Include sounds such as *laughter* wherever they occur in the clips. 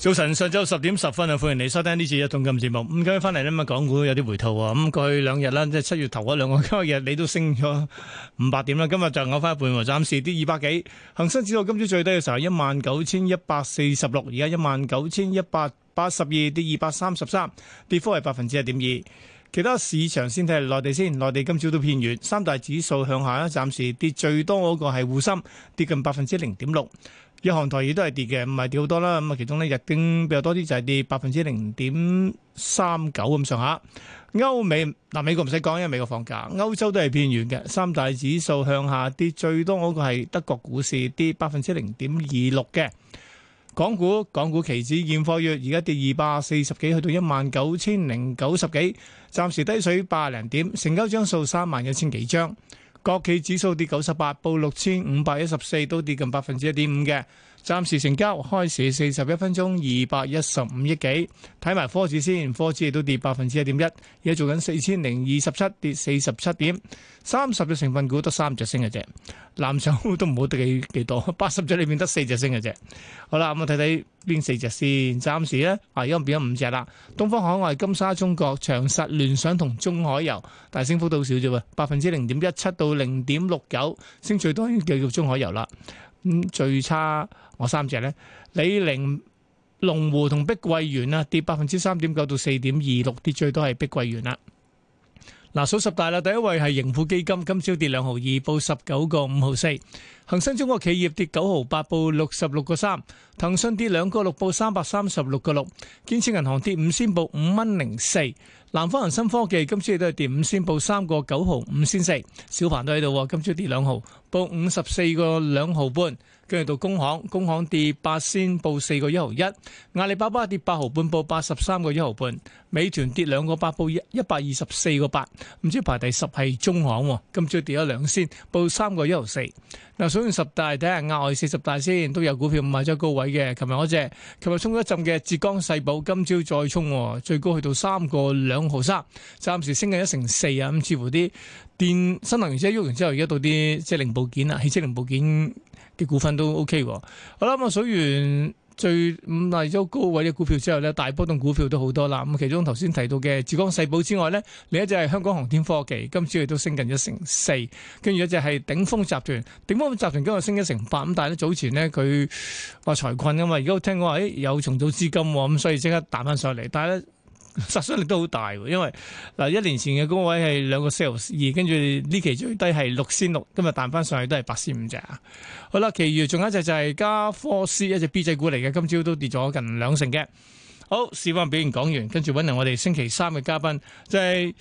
早晨，上晝十點十分啊，歡迎你收聽呢次《一桶金》節目。唔今日翻嚟咧，咁港股有啲回吐喎。咁、嗯、過去兩日啦，即係七月頭嗰兩個交易日你都升咗五百點啦。今日就扭翻一半喎，暫時跌二百幾。恒生指數今朝最低嘅時候係一萬九千一百四十六，而家一萬九千一百八十二，跌二百三十三，跌幅係百分之一點二。其他市場先睇下內地先，內地今朝都偏軟，三大指數向下一暫時跌最多嗰個係滬深，跌近百分之零點六。日韓台亦都係跌嘅，唔係跌好多啦。咁啊，其中呢日經比較多啲，就係跌百分之零點三九咁上下。歐美嗱，美國唔使講，因為美國放假，歐洲都係偏軟嘅。三大指數向下跌，最多嗰個係德國股市跌百分之零點二六嘅。港股，港股期指現貨月而家跌二百四十幾，去到一萬九千零九十幾，暫時低水八零點，成交張數三萬一千幾張。國企指數跌九十八，報六千五百一十四，都跌近百分之一點五嘅。暫時成交開市四十一分鐘二百一十五億幾，睇埋科指先，科指亦都跌百分之一點一，而家做緊四千零二十七跌四十七點，三十隻成分股得三隻升嘅啫，藍籌都唔好得幾幾多，八十隻裏面得四隻升嘅啫。好啦，咁我睇睇邊四隻先，暫時咧啊而家唔變咗五隻啦，東方海外、金沙中國、長實、聯想同中海油，但係升幅都少啫喎，百分之零點一七到零點六九，升最多已經叫中海油啦。咁、嗯、最差我三隻呢，李寧、龍湖同碧桂園啊，跌百分之三點九到四點二六，跌最多係碧桂園啦。嗱，數十大啦，第一位係盈富基金，今朝跌兩毫二報，報十九個五毫四。恒生中國企業跌九毫八，報六十六個三；騰訊跌兩個六，報三百三十六個六；建設銀行跌五仙，報五蚊零四；南方恒生科技今朝亦都係跌五仙，報三個九毫五仙四；小鵬都喺度，今朝跌兩毫，報五十四個兩毫半；跟住到工行，工行跌八仙，報四個一毫一；阿里巴巴跌八毫半，報八十三個一毫半；美團跌兩個八，報一一百二十四個八；唔知排第十係中行，今朝跌咗兩仙，報三個一毫四。衝十大睇下額外四十大先，都有股票唔係走高位嘅。琴日嗰隻，琴日衝咗一浸嘅浙江世寶，今朝再衝，最高去到三個兩毫三，暫時升緊一成四啊！咁似乎啲電新能源車喐完之後，而家到啲即係零部件啊，汽車零部件嘅股份都 O、OK、K。好啦，咁、嗯、啊，數完。最五嚟咗高位嘅股票之後咧，大波動股票都好多啦。咁其中頭先提到嘅浙江世寶之外咧，另一隻係香港航天科技，今次亦都升近一成四，跟住一隻係頂峰集團，頂峰集團今日升一成八。咁但係咧早前咧佢話財困啊嘛，而家聽講話、哎、有重組資金喎、哦，咁所以即刻彈翻上嚟，但係咧。殺傷力都好大，因為嗱，一年前嘅高位係兩個四毫二，跟住呢期最低係六仙六，今日彈翻上去都係八仙五隻啊。好啦，其餘仲有一隻就係加科斯，一隻 B 仔股嚟嘅，今朝都跌咗近兩成嘅。好，市況表現講完，跟住揾嚟我哋星期三嘅嘉賓，就係、是、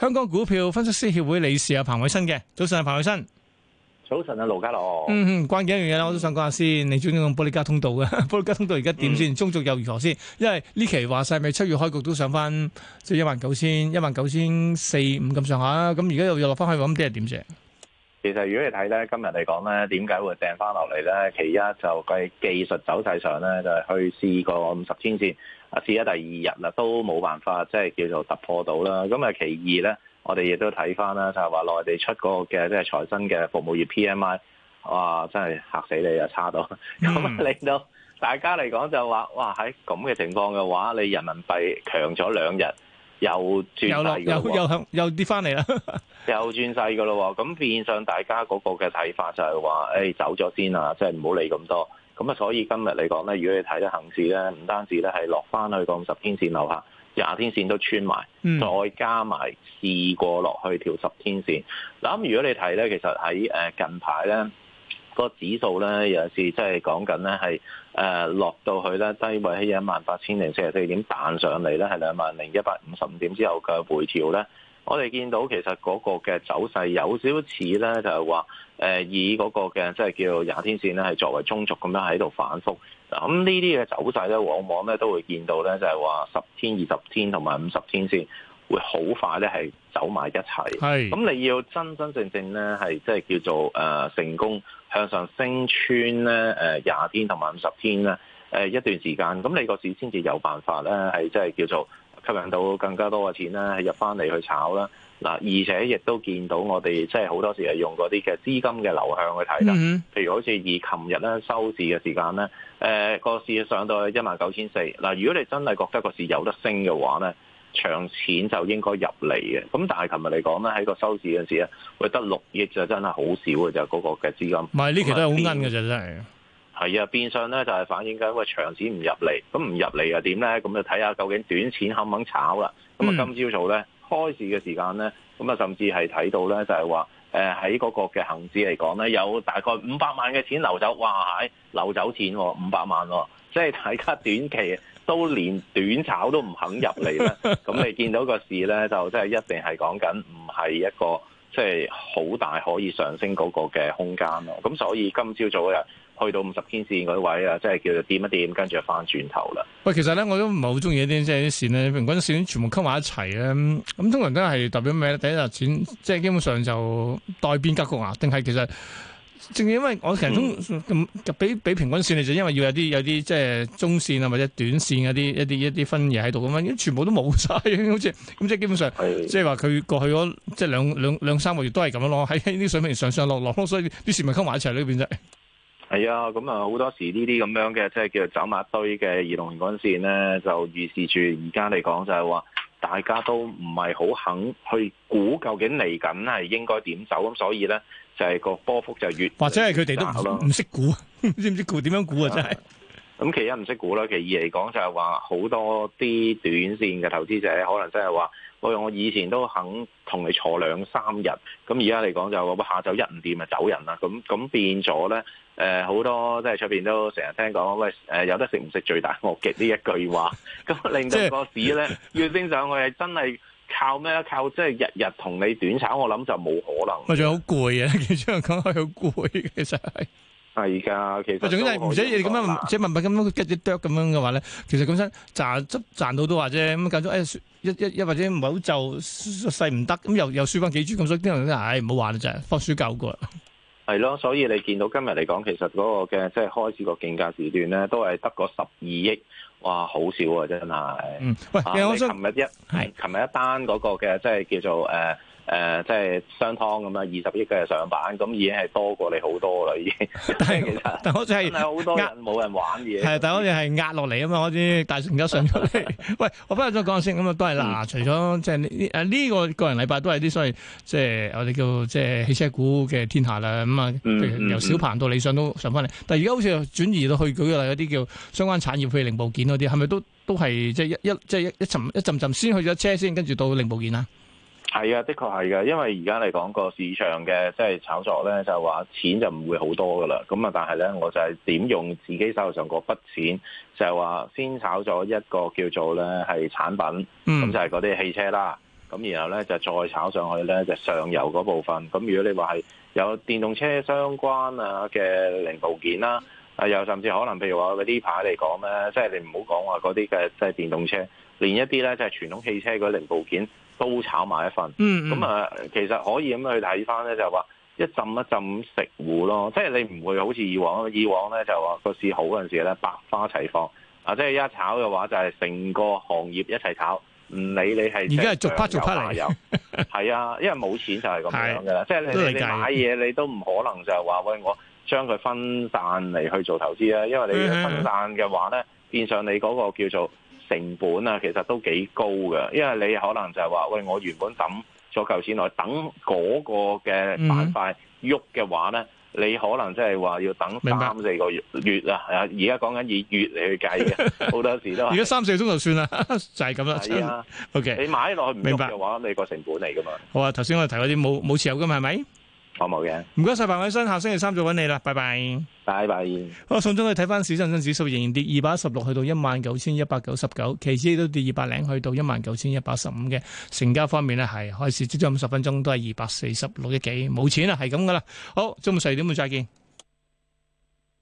香港股票分析師協會理事阿彭偉新嘅。早上，阿彭偉新。早晨啊，盧家樂。嗯嗯，關鍵一樣嘢啦，我都想講下先。你最近用玻璃夾通道嘅 *laughs* 玻璃夾通道而家點先？嗯、中續又如何先？因為呢期話晒咪七月開局都上翻即係一萬九千、一萬九千四、五咁上下啦。咁而家又要落翻去咁即係點啫？其實如果你睇咧，今日嚟講咧，點解會掟翻落嚟咧？其一就係技術走勢上咧，就係、是、去試過五十天線啊，試咗第二日啦，都冇辦法即係叫做突破到啦。咁啊，其二咧。我哋亦都睇翻啦，就係、是、話內地出嗰個嘅即係財新嘅服務業 PMI，哇！真係嚇死你啊，差到咁啊，令 *laughs* 到大家嚟講就話哇喺咁嘅情況嘅話，你人民幣強咗兩日又轉勢嘅喎，又又跌翻嚟啦，又轉勢嘅咯喎。咁 *laughs* 變相大家嗰個嘅睇法就係、是、話，誒、哎、走咗先啊，即係唔好理咁多。咁啊，所以今日嚟講咧，如果你睇得恆指咧，唔單止咧係落翻去個五十天線樓下廿天線都穿埋，再加埋試過落去調十天線。嗱，咁如果你睇咧，其實喺誒近排咧，個指數咧有陣時即係講緊咧係誒落到去咧低位喺一萬八千零四十四點彈上嚟咧，係兩萬零一百五十五點之後嘅回調咧。我哋見到其實嗰個嘅走勢有少少似咧，就係話誒以嗰個嘅即係叫做廿天線咧，係作為中軸咁樣喺度反覆咁呢啲嘅走勢咧，往往咧都會見到咧，就係話十天、二十天同埋五十天線會好快咧，係走埋一齊。係咁是，你要真真正正咧，係即係叫做誒、呃、成功向上升穿咧誒廿天同埋五十天咧誒、呃、一段時間，咁你嗰個市先至有辦法咧，係即係叫做。吸引到更加多嘅錢咧，係入翻嚟去炒啦嗱。而且亦都見到我哋即係好多時係用嗰啲嘅資金嘅流向去睇啦，譬如好似以琴日咧收市嘅時間咧，誒、呃、個市上到一萬九千四嗱。如果你真係覺得個市有得升嘅話咧，長錢就應該入嚟嘅，咁但係琴日嚟講咧，喺個收市嘅時咧，佢得六億就真係好少嘅就嗰、是、個嘅資金，唔係呢期都係好奀嘅啫，真係。嗯係啊，變相咧就係、是、反映緊喂，長線唔入嚟，咁唔入嚟又點咧？咁就睇下究竟短線肯唔肯炒啦。咁啊，今朝早咧開市嘅時間咧，咁啊，甚至係睇到咧就係話，誒喺嗰個嘅恆指嚟講咧，有大概五百萬嘅錢流走，哇！係、哎、流走錢喎、哦，五百萬喎、哦，即係大家短期都連短炒都唔肯入嚟咧。咁你見到個市咧，就真係一定係講緊唔係一個即係好大可以上升嗰個嘅空間咯。咁所以今朝早日。去到五十天線嗰位啊，即係叫做掂一掂，跟住翻轉頭啦。喂，其實咧我都唔係好中意啲，即係啲線咧，平均線全部溝埋一齊咧。咁、嗯、通常都係代表咩咧？第一日轉，即係基本上就待變格局啊？定係其實正因為我其實都咁，比平均線，你。就因為要有啲有啲即係中線啊，或者短線嗰啲一啲一啲分嘢喺度咁樣，全部都冇晒，好似咁即係基本上，嗯、即係話佢過去嗰即係兩兩兩三個月都係咁樣咯，喺呢啲水平上上落落咯，所以啲線咪溝埋一齊呢邊啫。係啊，咁啊好多時呢啲咁樣嘅，即係叫做走埋一堆嘅移動平均線咧，就預示住而家嚟講就係話，大家都唔係好肯去估究竟嚟緊係應該點走，咁所以咧就係、是、個波幅就越，越或者係佢哋都唔識估， *laughs* 知唔知估點樣估啊？嗯、真係咁、嗯，其一唔識估啦，其二嚟講就係話好多啲短線嘅投資者，可能即係話，我、哎、我以前都肯同你坐兩三日，咁而家嚟講就下晝一唔掂咪走人啦，咁咁變咗咧。誒，好多即係出邊都成日聽講，喂，誒有得食唔食最大惡極呢一句話，咁令到個市咧要升上去係真係靠咩？靠即係日日同你短炒，我諗就冇可能。咪仲好攰啊，其實講開好攰，其實係係噶，其實。佢仲要唔使嘢咁樣，即係物品咁樣 get 一 drop 咁樣嘅話咧，其實本身賺執賺到都話啫，咁搞到誒，一一一或者唔係好就細唔得，咁又又輸翻幾注，咁所以啲人咧，唉，唔好玩啦，就放鼠舊過。係咯，所以你見到今日嚟講，其實嗰個嘅即係開始個競價時段咧，都係得個十二億，哇，好少啊，真係。嗯，喂，因為我尋日一，係尋想日一單嗰個嘅，即係叫做誒。呃誒、呃，即係商湯咁啊，二十億嘅上榜，咁已經係多過你好多啦，已經。但係是 *laughs* 是其實，但係好壓多人冇人玩嘢。係，但係好似係壓落嚟啊嘛，我啲大成交上咗嚟。喂，我不如再講下先。咁啊，都係嗱， *laughs* 除咗即係呢誒呢個個人禮拜都係啲所謂即係我哋叫即係、就是、汽車股嘅天下啦。咁、嗯、啊，嗯、由小鵬到理想都上翻嚟。 *laughs* 但係而家好似又轉移到去舉例嗰啲叫相關產業，譬如零部件嗰啲，係咪都都係即係一、就是、一即係一一層一陣先去咗車先，跟住到零部件啊？係啊，的確係嘅，因為而家嚟講個市場嘅即係炒作咧，就係話錢就唔會好多噶啦。咁啊，但係咧，我就係點用自己手頭上嗰筆錢，就係話先炒咗一個叫做咧係產品，咁就係嗰啲汽車啦。咁然後咧就再炒上去咧就上游嗰部分。咁如果你話係有電動車相關啊嘅零部件啦。又甚至可能，譬如話嗰啲牌嚟講咧，即係你唔好講話嗰啲嘅，即係電動車，連一啲咧即係傳統汽車嗰零部件都炒埋一份。咁啊，其實可以咁去睇翻咧，就話、是、一浸一浸食糊咯。即係你唔會好似以往，以往咧就話個市好嗰陣時咧，百花齊放。啊！即係一炒嘅話，就係、是、成個行業一齊炒，唔理你係而家係逐批係 *laughs* 啊，因為冇錢就係咁樣嘅啦。的即係你你買嘢，你都唔可能就係話喂我。將佢分散嚟去做投資啊，因為你分散嘅話咧，變相、嗯、你嗰個叫做成本啊，其實都幾高㗎。因為你可能就係話，喂，我原本等左嚿錢來等嗰個嘅板塊喐嘅話咧，你可能即係話要等三四個月白月啦。啊，而家講緊以月嚟去計嘅，好多時都話如果三四個鐘就算啦，就係咁樣。係啊，OK，你買落去唔明白嘅話，你個成本嚟噶嘛？好啊，頭先我哋提嗰啲冇冇持有㗎嘛，係咪？冇嘅，唔該晒，彭偉新，下星期三再搵你啦，拜拜，拜拜。好，送中上中去睇翻，市恒生指數仍然跌, 6, 19, 199, 跌，二百一十六去到一萬九千一百九十九，期指都跌二百零，去到一萬九千一百十五嘅。成交方面咧，係開始即係五十分鐘都係二百四十六億幾，冇錢啊，係咁噶啦。好，中午十二點會再見。